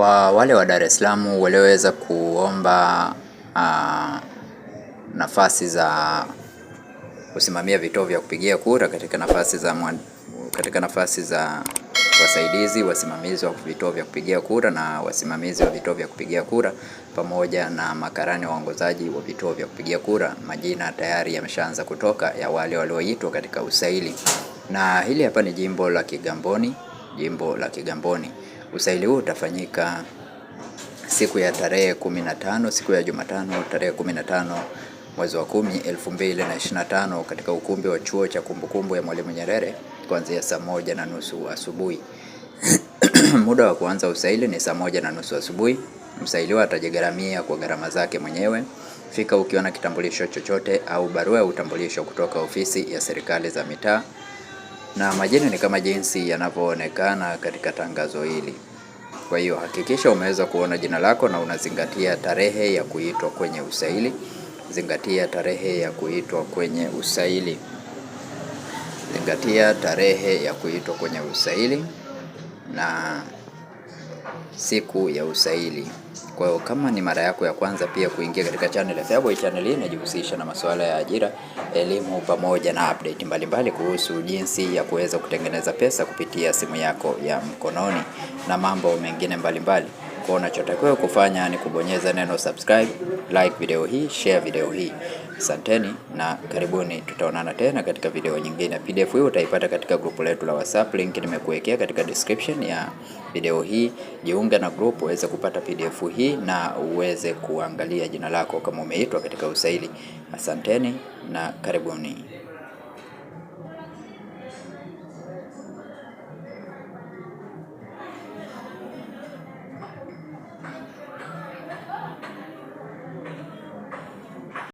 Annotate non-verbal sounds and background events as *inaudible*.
Kwa wale wa Dar es Salaam walioweza kuomba uh, nafasi za kusimamia vituo vya kupigia kura katika nafasi za mwan, katika nafasi za wasaidizi, wasimamizi wa vituo vya kupigia kura na wasimamizi wa vituo vya kupigia kura pamoja na makarani waongozaji wa vituo vya kupigia kura, majina tayari yameshaanza kutoka ya wale walioitwa katika usaili, na hili hapa ni jimbo la Kigamboni jimbo la Kigamboni. Usaili huu utafanyika siku ya tarehe 15 siku ya Jumatano tarehe 15 mwezi wa 10 2025 katika ukumbi wa chuo cha kumbukumbu ya Mwalimu Nyerere kuanzia saa moja na nusu asubuhi. *clears throat* Muda wa kuanza usaili ni saa moja na nusu asubuhi. Msailiwa atajigharamia kwa gharama zake mwenyewe. Fika ukiwa na kitambulisho chochote au barua ya utambulisho kutoka ofisi ya serikali za mitaa na majani ni kama jinsi yanavyoonekana katika tangazo hili. Kwa hiyo hakikisha umeweza kuona jina lako na unazingatia tarehe ya kuitwa kwenye usaili. Zingatia tarehe ya kuitwa kwenye usaili. Zingatia tarehe ya kuitwa kwenye usaili na siku ya usaili. Kwa hiyo kama ni mara yako ya kwanza pia kuingia katika channel ya Feaboy, channel hii inajihusisha na masuala ya ajira, elimu pamoja na update mbalimbali kuhusu jinsi ya kuweza kutengeneza pesa kupitia simu yako ya mkononi na mambo mengine mbalimbali mbali. Kwa unachotakiwa kufanya ni kubonyeza neno subscribe, like video hii, share video hii. Asanteni na karibuni, tutaonana tena katika video nyingine. PDF hii utaipata katika grupu letu la WhatsApp, link nimekuwekea katika description ya video hii. Jiunge na grupu uweze kupata PDF hii na uweze kuangalia jina lako kama umeitwa katika usaili. Asanteni na karibuni.